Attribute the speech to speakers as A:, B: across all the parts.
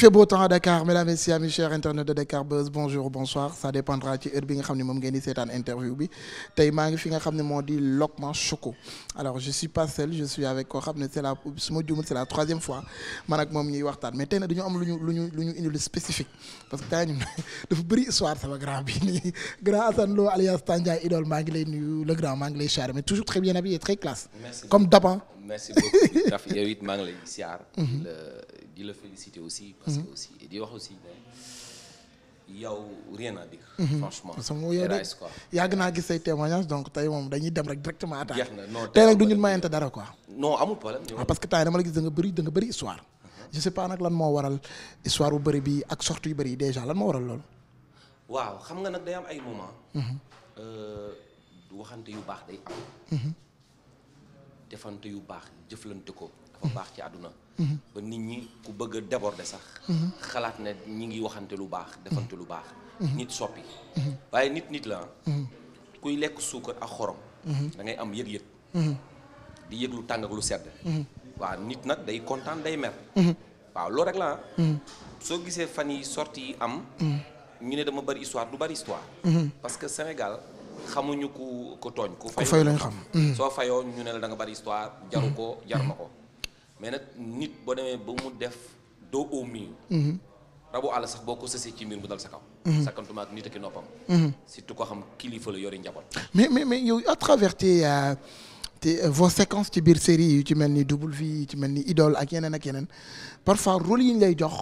A: fait beau temps à Dakar mesdames et messieurs mes chers internautes de Dakar Buzz bonjour bonsoir ça dépendra ci heure bi nga xam ne moom ngeen di seetaan interview bi tey maa fi nga xam ne moo di Lokman Choco alors je suis pas seul je suis avec koo xam ne c'est la su ma juumul c'est la troisième fois man moom ñuy waxtaan mais tey nag dañu am lu ñu lu spécifique parce que tey ñun dafa bëri histoire sama grand grand Assane Lo alias Tandiaye idole maa lay nuyu le grand
B: di la féliciter aussi. parce mhm. que di wax aussi ne yow rien à dire. Mhm. franchement RAS quoi
A: yàgg naa gis say témoignages donc tey moom dañuy dem rek directement
B: attaque. jeex na non tey nag du ñu mayante dara quoi. Ah, parce
A: que tey dama la gis da nga bëri da nga bëri histoire. Mhm. je sais pas nag lan moo waral histoire bu bëri bi ak sorties yu bëri yi déjà lan moo waral loolu.
B: waaw xam nga nag day am ay moment euh, waxante yu baax day am. defante yu baax jëflante ko dafa baax ci àdduna. ba nit ñi ku bëgg a déborder sax. xalaat ne ñi ngi waxante lu baax defante lu baax. nit soppi. waaye nit nit la kuy lekk suukar ak xorom. da ngay am yëg-yëg. di yëg lu tàng ak lu sedd. waaw nit nag day kontaan day mer. waaw loolu rek la ah. soo gisee fan yi sorti yi am. ñu ne dama bari histoire du bari histoire. parce que Sénégal xamuñu ku ko tooñ. ku fay lañ xam soo fayoo ñu ne la da bari histoire jaru ko jar ko. mais nag nit boo demee ba mu def doo au mieux. Mhm. rabu àll sax boo ko sësee ci mbir mu dal sa kaw. Mhm. sakkantuma ak nit ak noppam. Mhm. surtout koo xam kilifa la yori njaboot.
A: mais mais mais yow à travers tes euh, tes euh, vos séquences ci biir série yi ci mel ni double vie yu ci mel ni idole ak yeneen ak yeneen parfois rôle yi ñu lay jox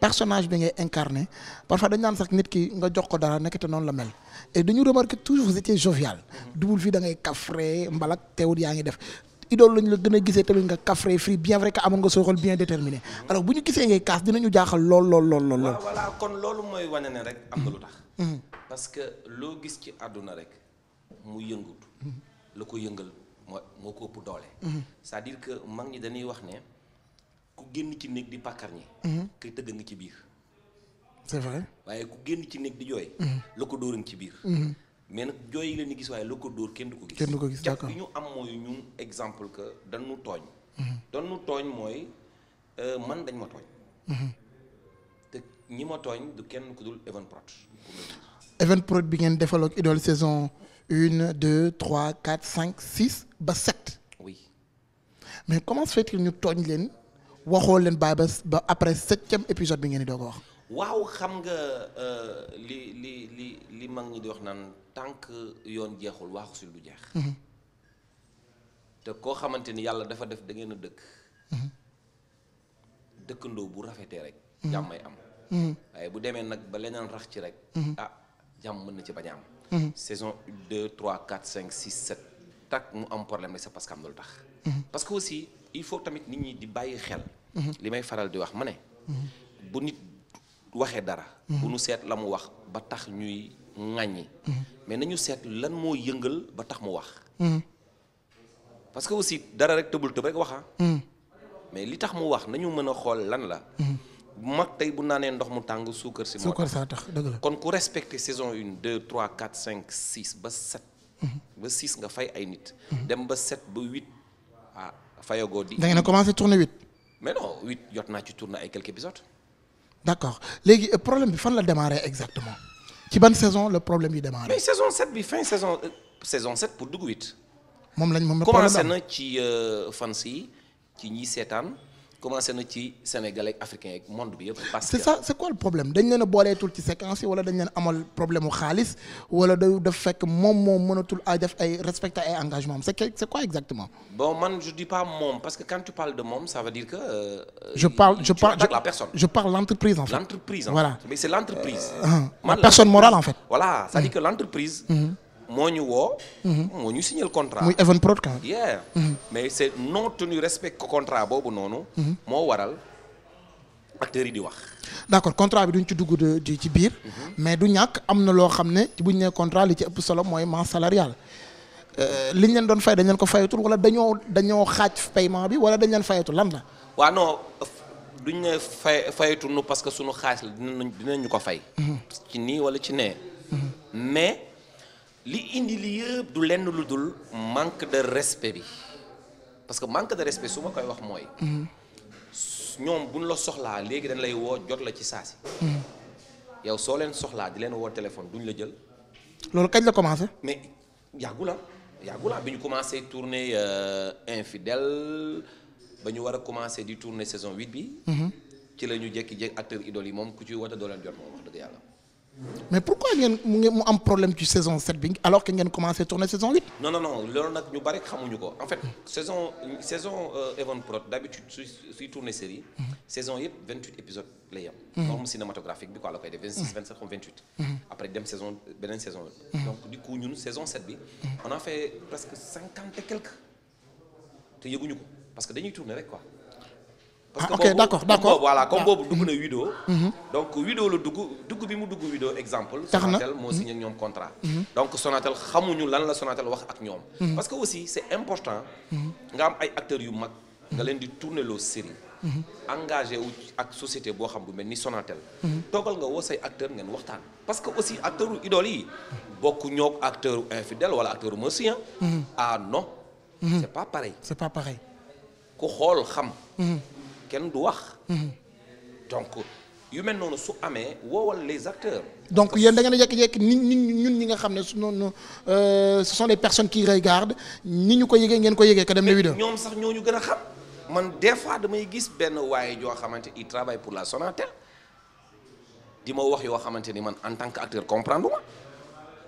A: personnage bi ngay incarné parfois dañ naan sax nit ki nga jox ko dara nekk te noonu la mel et dañu remarqué toujours vous étiez jovial. double vie da ngay kafre mbalak teewul yaa ngi def idole lañ la gën a gisee tamit nga kafre free bien vrai que amoon nga sooy xool bien déterminé alors bu ñu gisee ngay kaas dinañu jaaxal lool lool lool lool. waaw
B: kon loolu mooy wane ne rek am na lu tax. Mm-hmm. Mm-hmm. parce que loo gis ci àdduna rek mu yëngut mm-hmm. la ko yëngal moo moo ko ëpp doole. c'est-à-dire que mag ñi dañuy wax ne ku génn ci néeg di pàkkar ñi. kay tëgg nga ci biir. c'est vrai waaye ku génn ci néeg di jooy. la ko dóoran ci biir. mais nag jooy leen di gis waaye loo ko dóor kenn du ko ko gis d'accord ñu am mooy ñun exemple que dañu tooñ. Mhm. dañu tooñ mooy euh, man dañ ma tooñ. Mhm. te ñi ma kenn ku dul Evenprod.
A: Evenprod bi ngeen defal ak saison une deux trois cinq ba sept. oui mais comment se ñu tooñ leen waxoo leen bàyyi ba ba après septième épisode bi ngeen di doog a wax.
B: waaw xam nga euh, li li li li mag ñi di wax naan. tant que yoon jeexul waaxu si lu jeex mhm. te koo xamante ni yàlla dafa def da ngeen a dëkk mhm. dëkkandoo bu rafetee rek mhm. jàmmay am waaye bu demee nag ba leneen rax ci rek ah jàmm mën na ci bañ am saison deux trois quatre cinq six sept tak mu am problème rek c'est parce que am na lu tax parce que aussi il faut tamit nit ñi di bàyyi xel li may faral di wax ma ne bu nit waxee dara bu nu seet la mu wax ba tax ñuy ŋàññi mais nañu seet lan moo yëngal ba tax mu wax parce que aussi dara rek tëbul tëb rek waxa ah. mais li tax mu wax nañu mën a xool lan la mag tey bu naanee ndox mu tàng suukar si moo tax dëgg la kon ku respecté saison une deux trois quatre cinq six ba sept ba six nga fay ay nit dem ba sept ba huit ah fayagoo di da ngeen a commencé tourner huit mais non huit jot naa ci tourner ay quelques épisodes
A: d' accord léegi euh, problème bi fan la démarré exactement ci ban saison le problème yi démarré. mais saison
B: 7 bi fin saison euh, saison 7 pour dugg 8.
A: moom lañ moom la commencé na
B: ci euh, fans yi ci ñi seetaan. commencé na ci Sénégal ak africain ak monde bi yëpp. c'est
A: quoi le problème dañ leen a booleetul ci séquence yi wala dañ leen amal problème mu wala daf fekk moom moo mënatul a def ay respecter ay engagement am c'est c'est quoi exactement.
B: bon man je dis pas moom parce que quand tu parles de moom ça dire que. Euh, je
A: parle l'entreprise en fait. l'entreprise en voilà.
B: Euh, euh, la personne morale en fait. voilà cest mm. l'entreprise. Mm-hmm. moo ñu woo. Mhm. moo ñu signé contrat. muy Even Prod quand yeah mhm. mais c' est non tenu respect contrat boobu noonu. Mhm. moo waral acteurs yi di wax.
A: d' accord contrat bi duñ ci dugg di ci biir. mais du ñàkk am na loo xam ne buñ nee contrat li ci ëpp solo mooy masse salariale. Euh, liñ leen doon fay dañ leen ko fayatul wala dañoo dañoo xaaj paiement bi wala dañ leen fayatul lan la.
B: waaw non duñ ne fay fayatul nu parce que suñu xaaj la dinañ dinañ ñu ko fay. ci nii wala ci nee. li indi li yëpp du lenn lu dul manque de respect bi parce que manque de respect su ma koy wax mooy. ñoom buñ la soxlaa léegi dañ lay woo jot la ci saasi. yow soo leen soxlaa di leen woo téléphone ñu la jël.
A: loolu kañ la commencé.
B: mais yàggu la ah, yàggu ah. bi ñu commencé tourner euh, infidèle ba ñu war a commencé di tourner saison huit bi. Mhm. ci la ñu jékki-jékki acteurs yi moom ku ci woote doo leen jot moom wax dëgg yàlla.
A: mais pourquoi mu am problème ci saison 7 bi alors que ngeen commencé tourner saison 8.
B: non non non loolu nag ñu bari xamuñu ko en fait saison saison euh, Evenprod d'habitude suy suy tourner série saison yëpp 28 épisodes lay am. Mhm. norme cinématographique bi quoi la koy def 26 27 comme 28. après dem saison beneen saison mhm. donc du coup ñun saison 7 bi. Mhm. on a fait presque cinquante et te yëguñu ko parce que dañuy tourner rek quoi. parce que ah, ok d' d' accord voilà comme ah. boobu dugg na Wido. Mm-hmm. donc Wido la dugg dugg bi mu dugg Wido exemple. tax na Sonatel moo mm-hmm. signé ak ñoom contrat. Mm-hmm. donc Sonatel xamuñu lan la Sonatel wax ak ñoom. parce que aussi c' est important. nga am ay acteurs yu mag. nga leen di tourner loo série. engagé wu ak société boo xam bu mel ni Sonatel. toogal nga woo say acteur ngeen waxtaan. parce que aussi acteurs idole yi. bokk ñoog acteur infidèle wala acteur monsieur. ah non. c' est pas pareil. c' est pas pareil. ku kenn du wax. donc yu mel noonu su amee woowal les acteurs.
A: donc yéen da ngeen a jékki-jékki nit ñun ñi nga xam ne su noonu euh, ce sont les personnes qui regardent ni ñu ko yëgee ngeen ko yëgee. ka dem na vidéo ñoom
B: sax ñoo ñu gën a xam man des fois damay gis benn waaye joo xamante il travaille pour la Sonatel di ma wax yoo xamante ni man en tant que acteur comprendre ma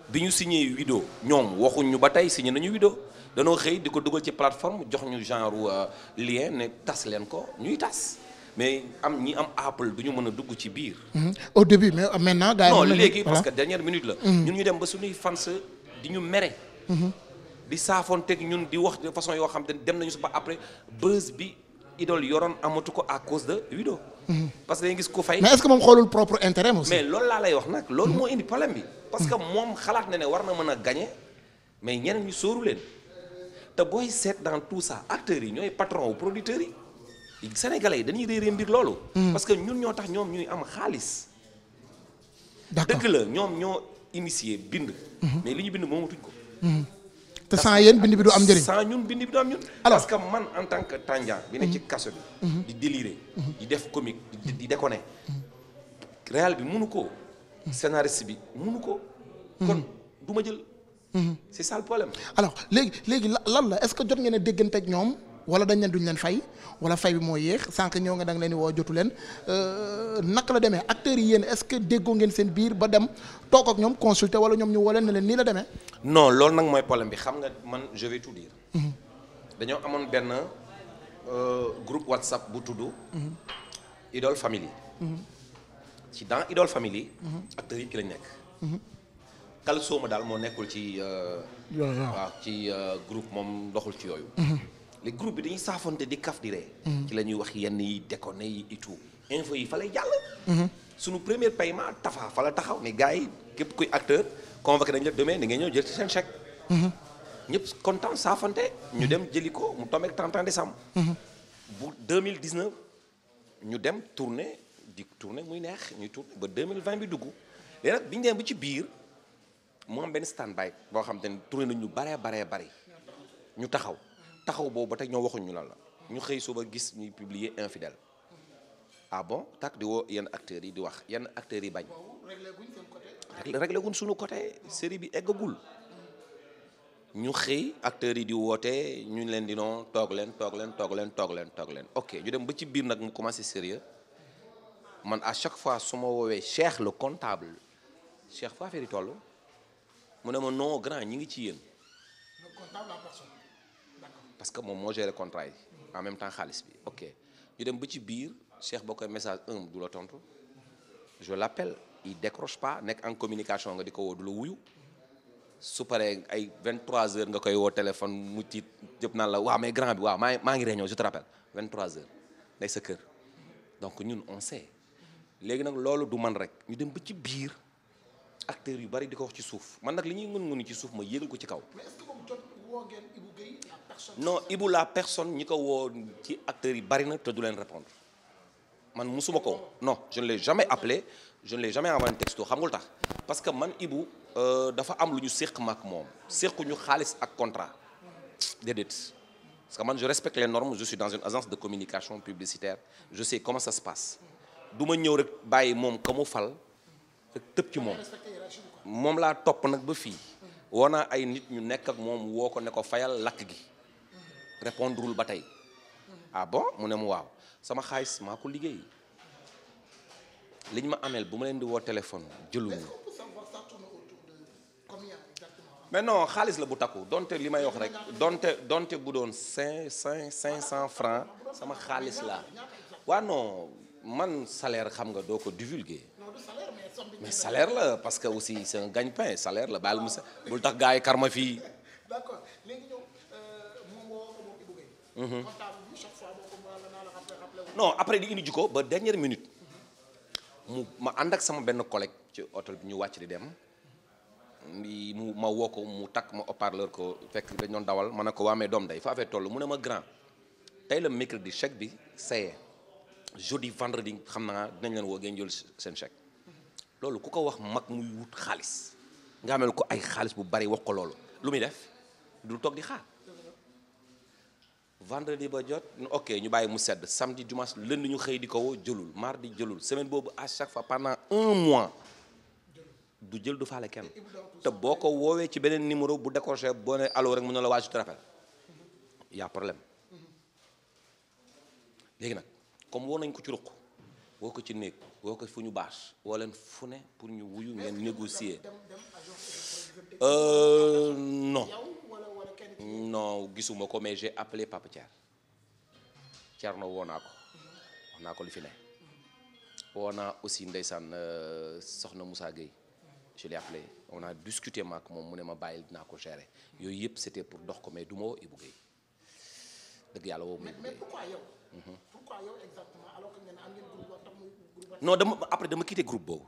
B: bi ñu signé vidéo ñoom waxuñ ñu ba tey signé nañu vidéo danoo xëy di ko dugal ci plateforme jox ñu genre euh, lien ne tas leen ko ñuy tas mais am ñi am Apple du ñu mën a dugg ci biir.
A: Mhm. au début mais euh, maintenant. gars yi non léegi parce que dernière minute la. Mhm. ñun ñu
B: dem ba suñuy fans di ñu mere. Mhm. di saafoonteeg ñun di wax de yoo xam te dem nañu suba après buzz bi idole yoroon amatu ko à cause de Wido. parce que dañuy gis ku fay. mais est-ce que moom xoolul propre intérêt mais loolu laa lay wax nag. loolu moo indi problème bi. parce que moom xalaat na ne war na mën a gagner mais ñeneen ñu sóoru leen. te booy seet dans tout ça acteurs yi ñooy patron wu producteurs yi sénégalais yi dañuy réeree mbir loolu. Hmm. parce que ñun ñoo tax ñoom ñuy am xaalis. d'accord dëgg la ñoom ñoo initié bind. Hmm. mais li ñu bind moom moomatuñ ko.
A: Hmm. te sans yéen bind bi du am njëriñ. sans
B: ñun bind bi du am ñun. parce que man en tant que Tandian. bi ne ci kaso bi. di délirer. di def comique di déconner. réal bi mënu ko. scénariste bi mënu ko. kon jël. Mm-hmm. c'est ça le problème. alors léegi léegi lan
A: la est-ce que jot ngeen a déggante ak ñoom wala dañ leen duñ leen fay wala fay bi mooy yéex sànq ñëw nga danga leen di woo jotu leen euh, naka la demee acteur yi yéen est-ce que déggoo ngeen seen biir ba dem toog ak ñoom consulter wala ñoom ñu woo leen ne leen nii la demee.
B: non loolu nag mooy problème bi xam nga man je vais tout dire. Mm-hmm. dañoo amoon benn euh, groupe WhatsApp bu tudd.
A: Mm-hmm.
B: Idole Family. ci dans Idole Family. acteurs yi ki nekk. Kalsooma daal moo nekkul ci. Euh, waaw ci euh, groupe moom doxul ci yooyu. Mhm. les groupes bi dañuy saafonte di kaf di ree mhm. ci la ñuy wax yenn yi déconné yi et tout info yi fa lay jàll. Mhm. suñu premier paiement tafa fa la taxaw ne gars yi képp kuy acteur convoqué dañ la demee ni nga ñëw jël ci seen chèque. ñëpp kontaan saafante ñu dem jëli ko mu tombeek 31 décembre. bu 2019 ñu dem tourner di tourner muy neex ñuy tourner ba 2020 bi dugg léegi nag biñ dem ba ci biir. mu am benn stand boo xam te ne tourné nañ ñu baree baree bari ñu taxaw taxaw boobu ba tey ñoo waxuñ ñu lan la ñu xëy suba gis ñuy publier infidèle ah bon tak di woo yenn acteurs yi di wax yenn acteurs yi bañ. réglé guñ suñu côté série bi eggagul ñu xëy acteur yi di woote ñu leen di non toog leen toog leen toog leen toog leen toog leen ok ñu dem ba ci biir nag mu commencé sérieux man à chaque fois su ma woowee Cheikh le comptable Cheikh faa fee di mu ne ma non grand ñu ngi ci yéen. parce que moom moo géré contrat yi. en même temps xaalis bi ok ñu dem ba ci biir Cheikh boo koy message un du la tontu je l'appelle il décroche pas nekk en communication nga di ko woo du la wuyu su paree ay 23 heures nga koy woo téléphone mu tiit jëpp naan la waaw mais grand bi waaw maa maa ngi réunion je te rappelle 23 heures day sa kër donc ñun on sait léegi nag loolu du man rek ñu dem ba ci biir. acteurs yu bari di ko wax ci suuf man nag li ñuy mën mënu ci suuf ma yégal ko ci kaw.
A: mais est-ce que moom jot woo ngeen
B: la personne. ñi ko woo ci acteurs yi bari na te du leen répondre man musuma ko non je ne l'ai jamais appelé je ne l'ai jamais envoyé un texto tax parce que man Ibou euh, dafa am lu ñu séq ma ak moom séquñu xaalis ak contrat de parce que man je respecte les normes je suis dans une agence de communication publicitaire je sais comment ça se passe du ma ñëw rek bàyyi moom ka fal rek ci moom. moom laa topp nag ba fii woo naa ay nit ñu nekk ak moom woo ko ne ko fayal lakk gi répondrewul ba tey mm-hmm. ah bon mu ne mu waaw sama xaalis maa ko liggéey liñ ma ameel bu ma leen di woo téléphone jëluñu mais non xaalis la bu takku donte li may wax rek donte donte bu doon cinq cinq cinq cent francs sama xaalis la waa non man salaire xam nga doo ko divulguer
A: mais salaire la parce
B: que aussi c'est un gagne-pain salaire la baal ma sa bul tax gars yi kar ma fii. d'accord léegi ñoom euh, moom moo ko mhm. ba dernière minute. mu ma ànd ak sama benn collègue ci oto bi ñu wàcc di dem. mu ma woo ko mu takk ma haut-parleur ko fekk dañ doon dawal ma ne ko waamee doom day fa affaire toll mu ne ma grand tey la mercredi chèque bi saye jeudi vendredi xam naa dinañ leen woo ngeen jël seen chèque. loolu ku ko wax mag muy wut xaalis nga amel ko ay xaalis bu bari wax ko loolu lu muy def du toog di xaar vendredi ba jot ok ñu bàyyi mu sedd samedi dimanche lundi ñu xëy di kow woo jëlul mardi jëlul semaine boobu à chaque fois pendant un mois du jël du faale kenn te boo ko woowee ci beneen numéro bu décroché boo ne allo rek mën na la waa je te rappelle problème léegi nag comme woo nañ ko ci ruq woo ko ci néeg woo ko fu ñu bâche woo leen fu ne pour ñu wuyu ngeen négocier euh, non non gisuma ko mais j'ai appelé Papa Thiar Thierno woo naa ko wax naa ko lu fi ne woo naa aussi ndeysaan euh, soxna musaa Gueye je l'ai appelé on a discuté maak moom mu ne ma bàyyil dinaa ko gérer yooyu yëpp c'était pour dox ko mais duma ma woo Ibou Gueye dëgg yàlla woo ma Ibou
A: Gueye
B: pourquoi yow exactement dama après dama quitté groupe boobu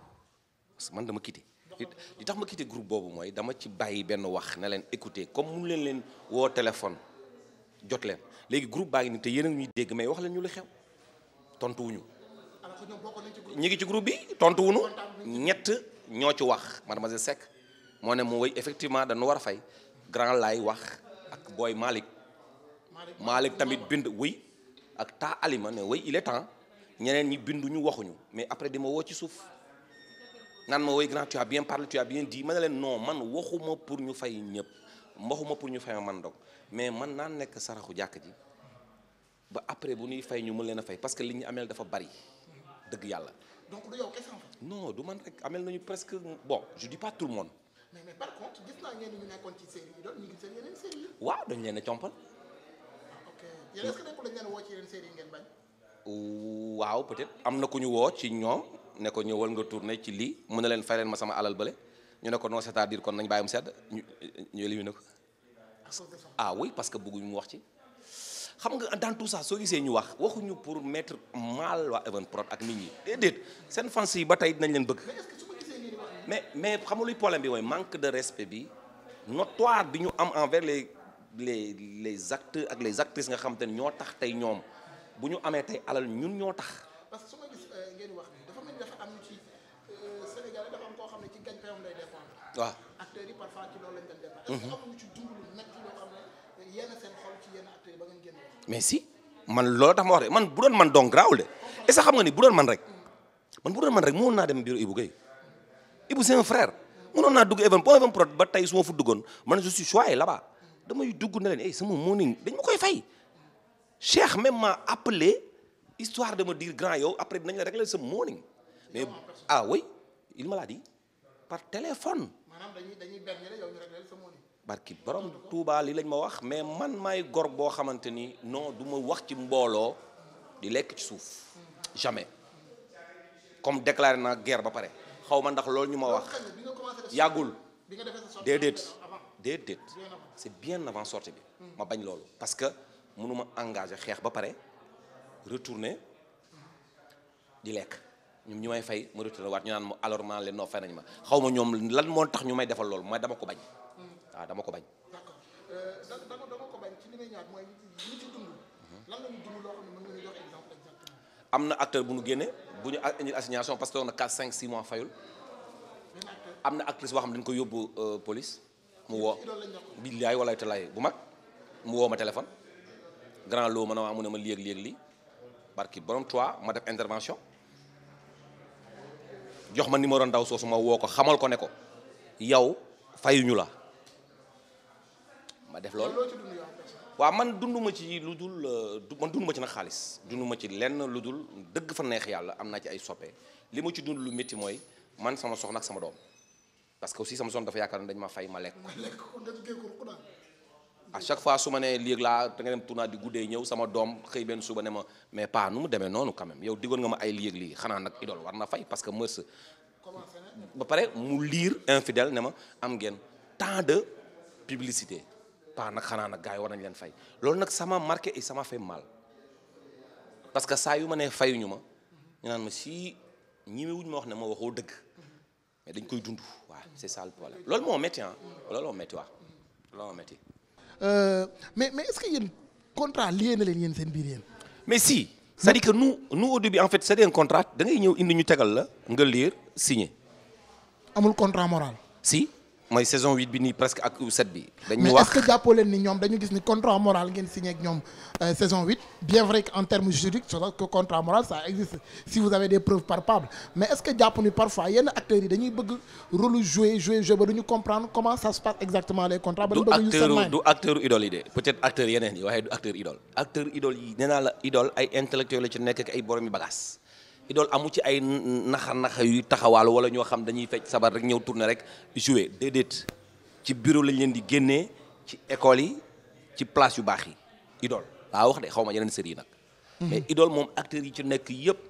B: parce que man dama quitté li tax ma quitté groupe boobu mooy dama ci bàyyi benn wax na leen écouter comme mun leen leen woo téléphone jot leen léegi groupe baa ngi nii te yéen a dégg mais wax leen ñu li xew tontuwuñu ñi ngi ci group bi tontuwuñu ñett ñoo ci wax ma dama mademoiselle Seck moo ne moo way effectivement dañu war a fay grand laay wax ak booy malik Malick tamit bind wuy ak taa alima ne way il est temps ñeneen ñi binduñu waxuñu mais après di ma woo ci suuf naan ma way grand tu as bien parlé tu as bien dit ma ne leen non man waxuma pour ñu fay ñëpp waxuma pour ñu fay ma man dog mais man naa nekk saraxu jàkk ji ba après bu ñuy fay ñu mën leen fay parce que li ñu ameel dafa bari dëgg yàlla. donc du man rek ameel nañu presque bon je dis pas tout le monde.
A: ñu nekkoon ci série yi doon ñu ngi
B: waaw dañ leen a compal. waaw peut-être am na ku ñu woo ci ñoom ne ko ñëwal nga tourné ci lii mën na leen fay ma sama alal bële ñu ne ko non cest à kon nañ bàyyi mu sedd ñu ñu éliminé ko. ah oui parce que bëgguñ mu wax ci. xam nga dans tout ça soo gisee ñu wax waxuñu pour mettre mal waa Evenprod ak nit ñi déedéet seen fans yi ba tey dinañ leen bëgg. mais mais xam nga luy problème bi mooy manque de respect bi notoire bi ñu am envers les. les les acteurs ak les actrices nga xam te ne ñoo tax tey ñoom bu ñu amee tey alal ñun ñoo tax.
A: parce que su ma euh, ngeen wax euh, koo xam ne ci gagne-pain lay défendre. Mhm. ngeen
B: génn mais si man loolu tax ma wax de man bu doon man donc garaawul de sa ce que xam nga ni bu doon man rek man bu doon man rek mënoon naa dem bureau Ibou Guèye Ibou c'est un frère mënoon naa dugg even point even prod ba tey su ma duggoon man je suis choyé là-bas. damay dugg na leen eh sama morning dañ ma koy fay Cheikh même m'a appelé histoire de me grand yow après dinañ la régler sa morning mais non, ah oui il m'a par téléphone.
A: maanaam dañuy dañuy benn yow ñu régler sa
B: barki borom Touba li lañ ma wax mais man may gor boo xamante ni non duma wax ci mbooloo di lekk ci suuf hmm. jamais comme déclaré na guerre ba pare xaw ma ndax loolu ñu ma wax yàggul déedéet. déedéet c'est bien avant sortie bi ma bañ loolu parce que mënuma engagé xeex ba pare retourner di lekk ñoom ñu may fay ma retourné waat ñu naan ma alors leen noo fay nañ ma xaw ma ñoom lan moo tax ñu may defal loolu mooy dama ko bañ waaw hmm. ah, dama ko bañ am na acteur bu ñu génne bu ñu indi assignation parce que na 4 cinq 6 mois fayul am na actrice boo xam dañ ko yóbbu euh, police mu woo billaay walaay talaay bu mag mu woo ma téléphone grand loo man a waa mu ne ma léeg léeg li barki borom toi ma def intervention jox ma numéro ndaw soosu ma woo ko xamal ko ne ko yow fayuñu la ma def loolu waa man dunduma ci lu dul man dunduma ci nag xaalis dunduma ci lenn lu dul dëgg fa neex yàlla am naa ci ay soppe li ma ci dund lu métti mooy man sama soxna ak sama doom parce que aussi sama zone dafa yaakaar ne dañ ma fay ma lekk à chaque fois su ma nee léegi laa da nga dem tournage di guddee ñëw sama doom xëy benn suba ne ma mais pas nu mu demee noonu quand même yow diggoon nga ma ay léegi lii xanaa nag idole war na fay parce que mës ba pare mu liir infidèle ne ma am ngeen tant de publicité pas nag xanaa nag gars yi war nañ leen fay loolu nag sama marqué et sama fait mal parce que saa yu ma nee fayuñu ma ñu naan ma si ñi wuñ ma wax ne ma waxoo dëgg mais dañ koy dund waaw c'est ça le problème loolu moo métti ah loolu moo métti waaw loolu moo métti.
A: Euh, mais mais est que yéen contrat lié na leen yéen seen biir yéen.
B: mais si cest que nu nous au début en fait c'est un contrat dangay ñëw indi ñu tegal la nga lire signer.
A: amul contrat moral.
B: si. mooy saison huit bi nii presque ak u bi. dañu wax que
A: jàppoo leen ni ñoom dañu gis ni contrat moral ngeen signé ak ñoom euh, saison huit bien vrai que en termes juridiques c'est vrai que contrat moral ça existe si vous avez des preuves palpables mais est-ce que jàpp ni parfois yenn acteurs yi dañuy bëgg rôle jouer jouer jouer ba duñu comprendre comment ça se passe exactement les contrats. ba du acteur du
B: acteur idole yi de peut-être acteur yeneen yi waaye du acteur idole. acteur idole yi nee naa la idole ay idole amu ci ay naxa naxa yuy taxawaal wala ñoo xam dañuy fecc sabar rek ñëw tourner rek jouer déedéet ci bureau lañ leen di génnee ci école yi ci place yu baax yi idole waa wax de xaw ma yeneen série yi nag mhm. mais idole moom acteurs yi ci nekk yëpp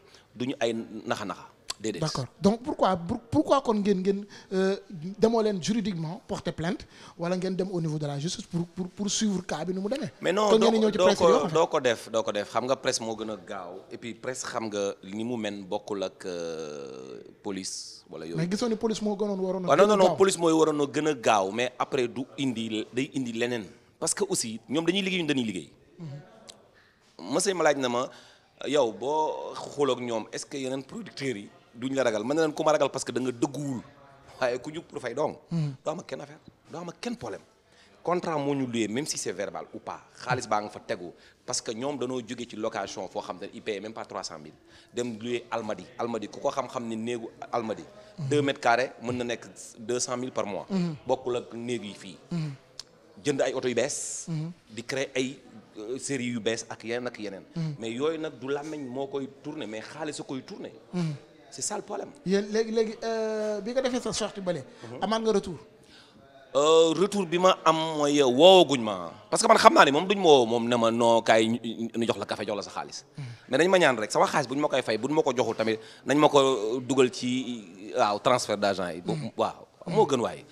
B: ñu ay naxa naxa déedéet d'accord
A: donc pourquoi pourquoi kon ngeen euh, demoo leen juridiquement porter plainte wala ngeen dem au niveau de la justice pour pour pour suivre cas bi nu mu demee. mais non doo ko
B: doo def doo ko def xam nga presse moo gën a gaaw et puis presse xam nga ni mu men bokkul ak euh, police wala yooyu. mais
A: gisoon ni police moo gënoon waroon a. gën a gaaw non non police
B: a gaaw mais après du indi day indi leneen parce que aussi ñoom dañuy liggéey ñu dañuy liggéey. Mhm. monsieur ma laaj na ma yow boo xooloog ñoom est-ce que yeneen producteurs yi. duñ la ragal mën na leen ku ma ragal parce que da nga dëgguwul waaye ku jug pour fay doom doo am ak kenn affaire doo am ak kenn problème contrat moo ñu luyee même si c'est verbal ou pas xaalis baa nga fa tegu parce que ñoom danoo jóge ci location foo xam ne il paye même pas 300000 dem luyee almadi almadi ku ko xam-xam ni néegu almadi 2 mètres carrés mën na nekk 200000 par mois bokkul ak néeg yi fii jënd ay oto yu bees di créer ay euh, série yu bees mm. a koy c'est ça le problème.
A: yéen léegi euh, bi nga defee sa sortie bële. Mhm. amaat nga
B: retour. Euh, retour bi ma am mooy woowaguñ ma parce que man xam naa ne moom duñ ma woo moom ne ma noo kaay ñu jox la café jox la sa xaalis mhm. mais dañ ma ñaan rek sama xaalis buñ ma koy fay buñ ma ko joxul tamit nañ ma ko dugal ci waaw transfert d'argent yi. Mhm. waaw moo gën waaye.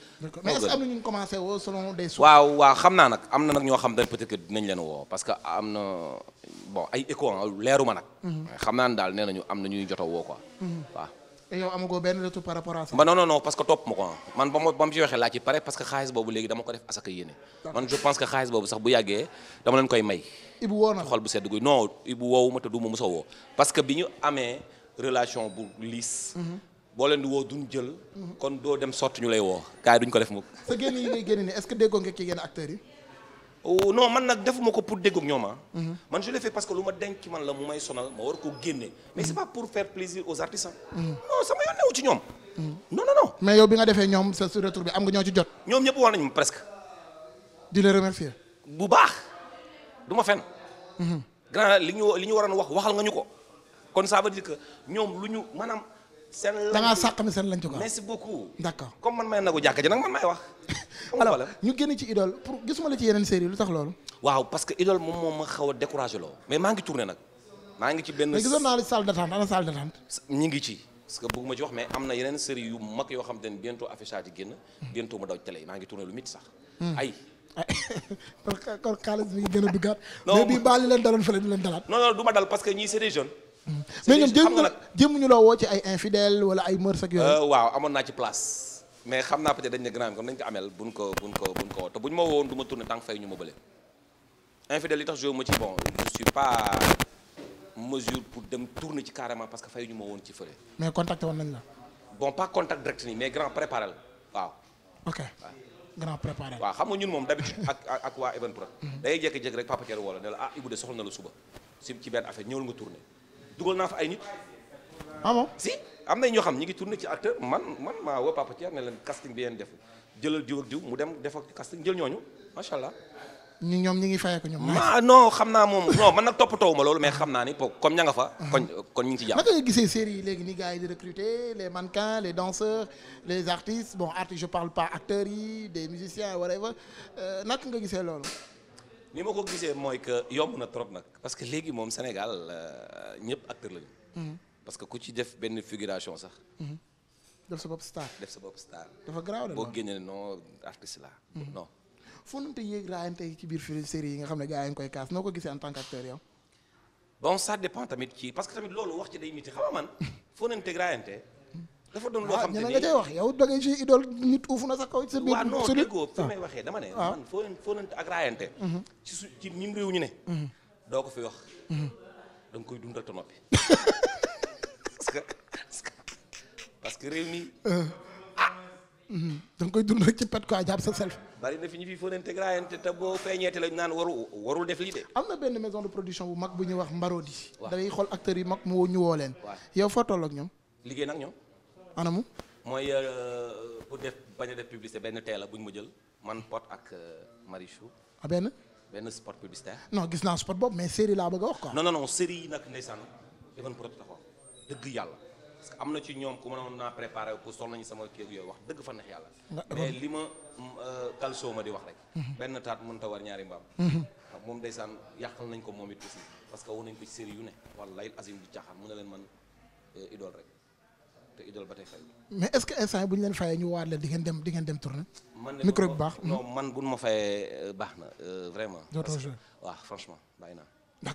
B: mais est-ce que am na
A: ñu commencé woo selon des.
B: waaw waaw xam naa nag am na nag ñoo xam dañ peut-être que leen woo parce que am na bon ay écho ah, leeru nag. Mhm. xam naa ne a woo mhm. parce que topp ma ko ah. man ba ma ci waxee laa ci pare parce que xaalis boobu léegi dama ko def asaka yéene. man je pense que xaalis boobu sax bu yàggee dama leen koy may. Ibou woo na xol bu sedd guy non Ibou woowu ma te du ma mos a woo. parce que bi ñu amee relation bu liis. Mhm. boo leen di woo duñ jël. kon doo dem sotti ñu lay woo. gars duñ ko def moom.
A: sa génn yi ngay génn nii est-ce que déggoo nga ci yenn acteurs yi.
B: Oh, non man nag defuma ko pour déggoog ñoom ah. mhm. man je l'ai fait parce que lu ma denc man la mu may sonal ma war ko génne. mais mhm. c'est pas pour faire plaisir aux artisans. Mhm. non sama yoon newu ci ñoom.
A: non non non. mais yow bi nga defee ñoom sa retour bi am nga ñoo ci jot.
B: ñoom ñëpp war nañu presque. di la remercier. bu baax du ma fenn. grand li ñu li ñu waroon wax waxal nga ñu ko kon ça veut dire que ñoom lu ñu maanaam. seen lañ mi seen lañ ci quoi. merci beaucoup. comme man may nagu jàkka ji nag man may wax. alors
A: génn ci idole pour gisuma la ci yeneen série lu tax loolu.
B: waaw parce idole moom ma xaw a loo. mais maa ngi tourné nag. maa ngi ci benn mais gisoon naa la salle d'attente ana ngi ci parce que ci wax mais am na yeneen série yu mag yoo xam te ne bientôt affichage yi génn. Hmm. bientôt mu daw télé maa ngi tourné lu mit sax. Hmm. ay.
A: kon xaalis bi gën a duggaat. mais bii
B: baal mais ñoom jéem nag
A: jéem ñu la woo ci ay infidèle wala ay mërs yooyu euh,
B: waaw amoon naa ci place mais xam naa peut-être dañ ne grand bi comme dañ ko bu buñ ko buñ ko buñ ko woo te buñ ma wowoon du ma tourné tant que fay ñu ma bële infidèle yi tax joué ci bon je suis pas mesure pour dem tourner ci carrément parce que fay ñu ma woon ci fële
A: mais contacté woon nañ la
B: bon pas contact direct nii mais grand préparé waaw ok
A: grand préparé waaw
B: xam ñun moom d'habitude ak ak waa Evenprod. day jékki-jékki rek Papa Thiel woo ah, nga tourné dugal naa fa ay nit. ah bon si am na ñoo xam ñi ngi tourné ci acteur man man maa woo Papa Thier ne leen casting bi ngeen def jëlal diw ak diw mu dem def ak casting jël ñooñu macha allah.
A: ñu ñoom ñu ngi fayee ko ñoom. ah
B: non xam naa moom non man nag toppatoowu ma loolu mais xam naa ni comme ña nga fa. Uh-huh. kon kon ñu ngi ci jàpp. nga gisee
A: série yi léegi ni gaa yi di recruter les mannequins les danseurs les artistes bon artistes je parle pas acteurs yi des musiciens whatever euh, naka nga gisee loolu.
B: ni ma ko gisee mooy que yomb na trop nag parce que léegi moom Sénégal euh, ñëpp acteur lañu. Mhm. parce que ku ci def benn figuration sax.
A: Mhm. def sa bop star.
B: def sa bopp star. dafa garaaw boo génnee non artiste la mhm. non.
A: fonante yéeg raayante ci biir film série yi nga xam ne gaa yi ngi koy kaas noo ko gisee en tant qu'acteur yow.
B: bon ça dépend tamit ci parce que tamit loolu wax ci day nit xam foo fonante raayante.
A: dafa doon loo ah, xam te ni wax yow da ngay si idol nit uuf na sax kaw sa biir. waaw non ne. Ah. man
B: foo leen foo mhm. réew ñu ne. Mhm. doo ko fi wax. Mhm. da nga koy dundal te parce que parce que réew mi. Euh. Ah. da nga koy
A: dundal ci sa self.
B: bari na fi ñu fi foo leen teg raayante te boo feeñeete lañ naan warul def lii de.
A: am na benn maison de production bu mag bu ñuy wax Mbarodi. waaw da ngay xool acteurs yi mag mu ñu woo leen. yow foo toll ñoom. liggéey nag ñoom. anamu.
B: mooy euh, pour def bañ a def publicité benn tee la bu ñu ma jël man Pod ak euh, Marichou. ah benn. benn spot publicitaire.
A: non gis naa spot boobu mais série laa bëgg a wax quoi. non
B: non yàlla parce que am na ci ñoom ku mënoon naa préparé pour sol nañu sama kii yooyu wax dëgg fa neex yàlla. mais li ma euh, calcio ma di wax rek. Mhm. benn taat mënut a war ñaari mbaam. Mhm. moom ndeysaan yàqal nañ ko moom it aussi parce que woon nañ ko ci série yu ne. wallaahi azim du caaxaan mu ne leen man idole rek. te idole ba tey fay.
A: mais est-ce que instant bu ñu leen fayee ñu waar leen di ngeen dem di ngeen
B: bi baax non man bu ma fayee euh, baax na euh, vraiment. dootoo joué waaw franchement bàyyi naa. d'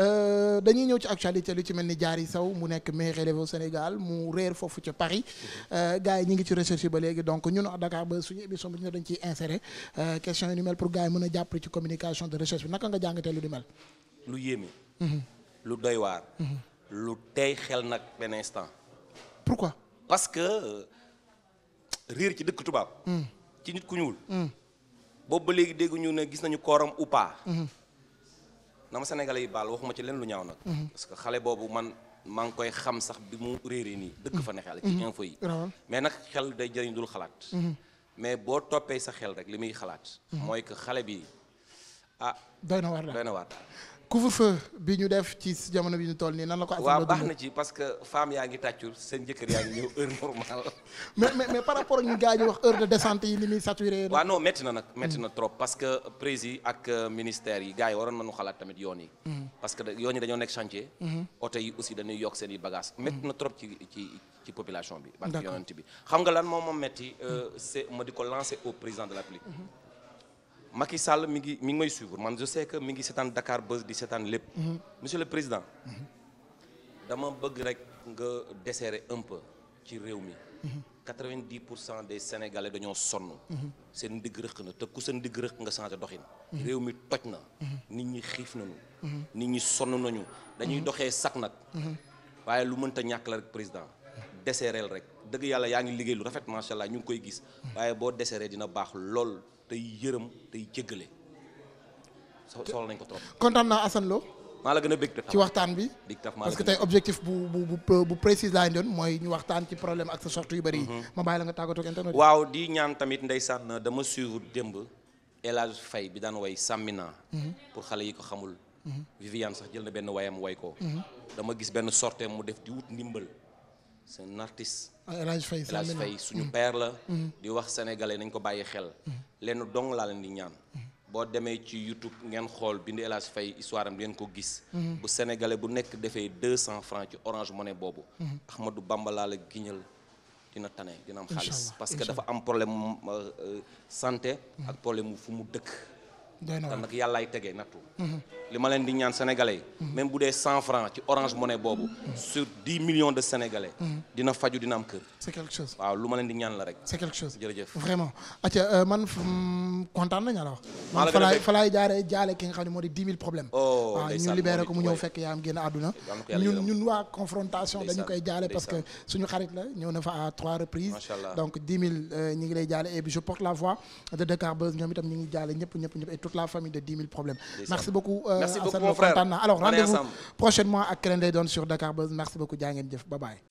A: euh, dañuy ñëw ci actualité lu ci mel ni jaar Diary saw mu nekk mais élève au Sénégal mu réer foofu ca Paris gars yi ñu ngi ci recherche ba léegi donc ñun à Dakar ba suñu émission bi ñu dañ ciy insérer question yu ni mel pour gars yi mën a jàpp ci communication de recherche bi naka nga jàngatee lu ni mel. lu yéeme. Mhm.
B: lu doy waar. Mhm. lu tey pourquoi parce que euh, riir ci dëkk tubaab hmm. ci nit ku ñuul hmm. boobu ba léegi dégguñu ne gis nañu kooram ou hmm. na ma sénégalais yi baal waxuma ci leen lu ñaaw nag parce que xale boobu man maa koy xam sax bi mu réeree nii dëkk fa ne xel ci info yi mais nag xel day jëriñ dul xalaat mais boo toppee sa xel rek li muy xalaat mooy que xale bi ah doy na waar daal
A: couvre-feu bi ñu def ci jamono bi ñu toll nii nan la ko. waaw baax na
B: ci parce que femme yaa ngi tàccul seen jëkkër yaa ngi ñëw heure normale.
A: mais par rapport ñu gars wax heure de descente yi ni muy saturé.
B: waaw non na nag métti na trop parce que président ak euh, ministère yi gars waroon nañu xalaat tamit yoon yi. Mm-hmm. parce que yoon yi dañoo nekk chantier. Mm-hmm. oto yi aussi dañuy yokk seen i bagages. métti mm-hmm. na trop ci population bi. d' accord parce que yonent bi xam nga lan moom euh, la Macky Sall mi ngi mi ngi may suivre man je sais que mi ngi seetaan Dakar Buzz di seetaan lépp. Mhm. monsieur le président. Mhm. dama bëgg rek nga desserrer un ci réew mi. 90 mhm. pour cent des sénégalais dañoo sonn. seen ndigg rëq na te ku seen ndigg rëq nga changé doxin. réew mi toj na. nit ñi xiif nañu. nit ñi sonn nañu. dañuy doxee sax nag. waaye lu mënta ñàkk la rek président. deseereel rek dëgg yàlla yaa ngi liggéey lu rafet macha allah ñu ngi koy gis waaye boo deseeree dina baax lool tey yërëm tey jéggale soxla nañ ko trop.
A: kontaan naa Assane Lo.
B: maa la gën a bëgg ci waxtaan bi. parce que tey
A: objectif bu bu bu précise laa doon mooy ñu waxtaan ci problème ak sa sortie yu bëri yi. Mhm. ma bàyyi la nga tàggatoo ak internet. waaw
B: di ñaan tamit ndeysaan dama suivre démb El Hadj Faye bi daan way sàmmi naa mhm. pour xale yi ko xamul. Mhm. Viviane sax jël na benn wayam way ko. dama benn sortie mu def di wut ndimbal. c'est un artiste. Ah, El Hadj Faye El Hadj Faye suñu mm-hmm. père la. Mm-hmm. di wax sénégalais nañ ko bàyyi xel. Mm-hmm. lenn dong laa leen di ñaan. boo demee ci YouTube ngeen xool bind El Hadj Faye histoire am ngeen ko gis. bu sénégalais bu nekk defee deux ci orange money boobu. Ahmadou Bamba laa dina tane dina am xaalis. parce dafa am problème euh, euh, santé. ak problème fu mu dëkk. doy na nag yàllaay tegee nattu. Mhm. li di ñaan sénégalais yi. Mhm. bu dee cent franc ci orange monnaie boobu. Mhm. sur dix millions de sénégalais. dina faju dina kër. c'est quelque chose waaw lu di ñaan la rek. c'est quelque chose vraiment.
A: atia euh, man mm, kontaan la gën fa laay jaaree jaale ki xam ne moo di dix mille problèmes.
B: Oh, ah, ñu libéré ko mu ñëw fekk
A: yaa am génn ñun waa confrontation dañu koy jaale parce que suñu xarit la ñëw na fa à trois reprises. toute la famille de 10 000 problèmes. merci beaucoup. Euh, merci beaucoup mon frère kontaan naa alors rendez-vous prochainement ak Kële Ndeye Doon sur Dakar Buzz merci beaucoup jaa ngeen jëf bye bye.